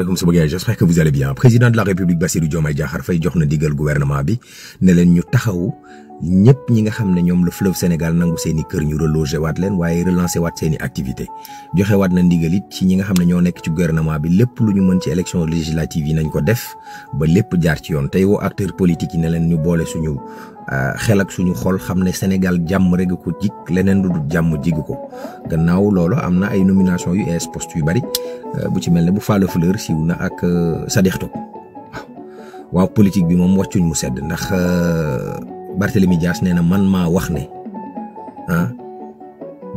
maaleykum sama gars j'espère que vous allez bien président de la république Bassirou gouvernement bi ne leen taxaw ñëpp ñi nga xam ne ñoom le fleuve Sénégal nangu seen i kër ñu relogé waat leen waaye relancé waat seen i activité joxe waat na ndigal it ci ñi nga xam ne ñoo nekk ci gouvernement bi lépp lu ñu mën ci élection législative yi nañ ko def ba lépp jaar ci yoon tey woo acteur politique yi ne leen ñu boole suñu euh, xel ak suñu xol xam ne Sénégal jàmm rek ko jig leneen du dul jàmm jigu ko gannaaw loolu am na ay nomination yu es poste yu bari euh, bu ci mel ne bu Falla Fleur siiw na ak euh, Sadikh Top waaw bi moom wàccuñ mu sedd ndax Barthélemy Dias nee na man maa wax ne ah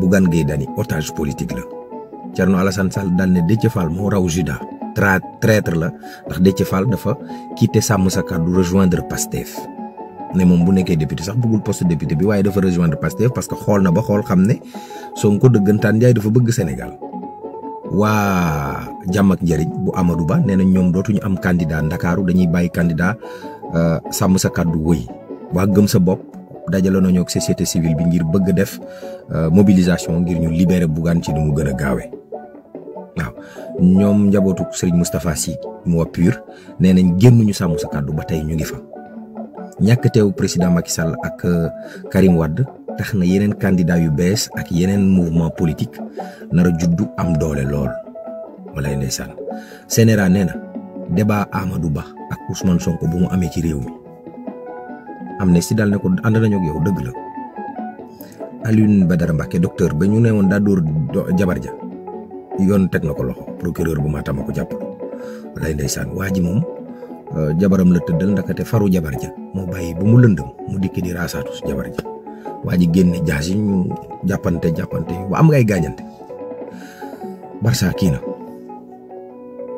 gan Gueye Dany otage politique la Thierno Alassane Sall daal ne Déthié moo raw juda tra traître la ndax Déthié Fall dafa quitté sàmm sa kàddu rejoindre Pastef ne moom bu nekkee député sax bëggul poste député bi waaye dafa rejoindre Pastef parce que xool na ba xool xam ne Sonko dëggantaan Njaay dafa bëgg senegal waa jàmm ak njëriñ bu amadu Ba nee na ñoom dootuñu am candidat Ndakaaru dañuy bàyyi candidat euh, sàmm sa kàddu wëy waa gëm sa bopp dajale nañoo ak société civile bi ngir bëgg def euh, mobilisation ngir ñu libérer Bougane ci ni mu gën a gaawee waaw ñoom njabootu Serigne Moustapha si mu waa PUR nee nañ génnuñu sàmm sa kàddu ba tey ñu ngi fa. ñàkk teew président Macky Sall ak euh, Karim wadd tax na yeneen candidat yu bees ak yeneen mouvement politique nar a juddu am doole lool walay ndeysaan Sénéra nee na débat Amadou Ba ak Ousmane Sonko bu mu amee ci réew mi. Amnesty daal ne ko ànd nañoo gi yow dëgg la Alioune Badara Mbacké docteur ba ñu ne woon daa dóor jabar ja yoon teg na ko loxo procureur bu Matam a ko jàpp lay ndeysaan waa ji moom euh, jabaram la tëddal ndakate faru jabar ja moo bàyyi bu mu lëndëm mu dikki di raasaatu jabar ja waa ji génne jaas yi ñu jàppante jàppante yu am ngay gaañante Barça kii na